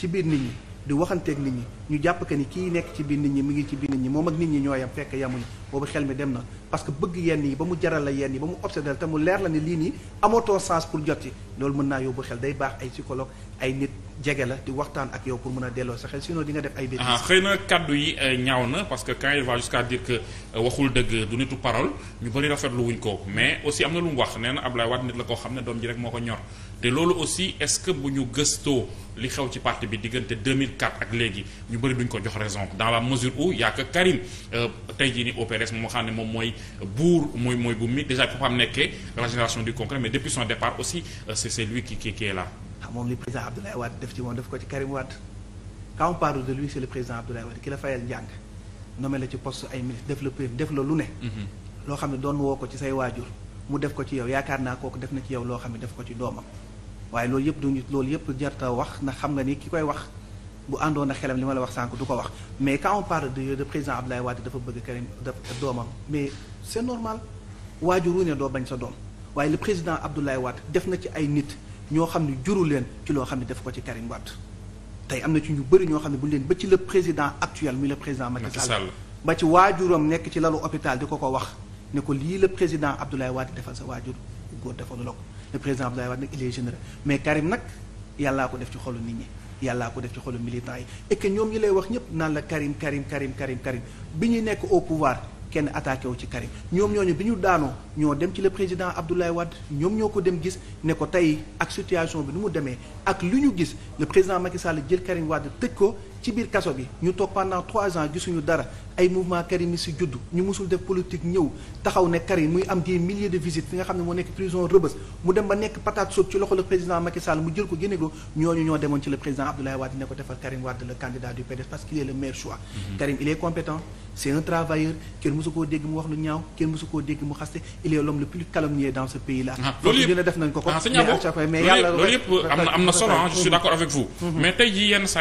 ci biir nit ñi di waxanteeg nit ñi ñu jàpp que ni kii nekk ci biir nit ñi mu ngi ci biir nit ñi moom ak nit ñi ñooyam fekk yamuñu boobu xel mi dem na parce que bëgg yenn yi ba mu jaral la yenn yi ba mu obsédé te mu leer la ne lii nii amatoo sens pour jot ci loolu mën naa yóbbu xel day baax ay psychologue ay nit jege la di waxtaan ak yow pour mën a delloo sa di nga def ay bêtises. Ah, na kaddu yi euh, ñaaw na parce que quand il va jusqu'à dire que euh, waxul dëgg du nitu parole ñu bëri rafetlu wuñ ko mais aussi am na lu mu wax nee na Abdoulaye Wade nit la koo xam ne doom ji rek moo ko ñor te loolu aussi est-ce que bu ñu gëstoo li xew ci parti bi diggante 2004 ak léegi ñu bëri duñ ko jox raison dans PDS moo xam ne moom mooy buur mooy mooy bu déjà foofu am nekkee la du concret mais depuis son départ aussi euh, c'est c'est lui qui qui qui est là. ah moom li président Abdoulaye Wade def ci moom def ko ci Karim Wade quand parle de lui c'est le président Abdoulaye Wade ki la fayal njàng nommé la ci poste ay ministre def la PM def la lu ne. Mm-hmm. loo xam ne doon woo ko ci say waajur mu def ko ci yow yaakaar naa kooku def na ci yow loo xam ne def bu àndoon a xelam li ma la wax sànq du ko wax mais quand on parle de de président Abdoulaye Wade dafa bëgg Karim dafa doomam mais c'est normal waajur wu ne doo bañ sa doom waaye le président Abdoulaye waat def na ci ay nit ñoo xam ne juru leen ci loo xam ne def ko ci Karim Wade tey am na ci ñu bari ñoo xam ne bu leen ba ci le président actuel muy le président Macky Sall ba ci waajuram nekk ci lalu hôpital di ko ko wax ne ko lii le président Abdoulaye Wade defal sa waajur góor defalu la ko le président Abdoulaye Wade nag il mais Karim nag yàllaa ko def ci xolu nit ñi yàllaa ko def ci xolu militant yi et ñoom ñi lay wax ñëpp naan la Karim Karim Karim Karim Karim bi ñu nekk au pouvoir kenn attaqué wu ci Karim ñoom ñooñu bi ñu daanoo ñoo dem ci le président Abdoulaye Wade ñoom ñoo ko dem gis ne ko tey ak situation bi nu mu demee ak lu ñu gis le président Macky jël Karim Wade tëj ko ci biir kaso bi ñu toog pendant trois ans gisuñu Karim yi ñu mosul def politique ñëw taxaw ne Karim muy am des milliers de visites fi nga xam ne moo nekk prison Rebeuss mu dem ba nekk patate chaude ci loxo le président Macky mu jël ko génne ko ñooñu ñoo demoon ci le président c'est un travailleur kenn mësu koo dégg mu wax lu ñaaw kenn mësu koo dégg mu xaste il est l'homme le plus calomnié dans ce pays là ah, loolu yëpp def nañ ko ko ah, mais yàlla yëpp am na am na solo ah, je d'accord avec vous mm-hmm. mais tey jii yenn saa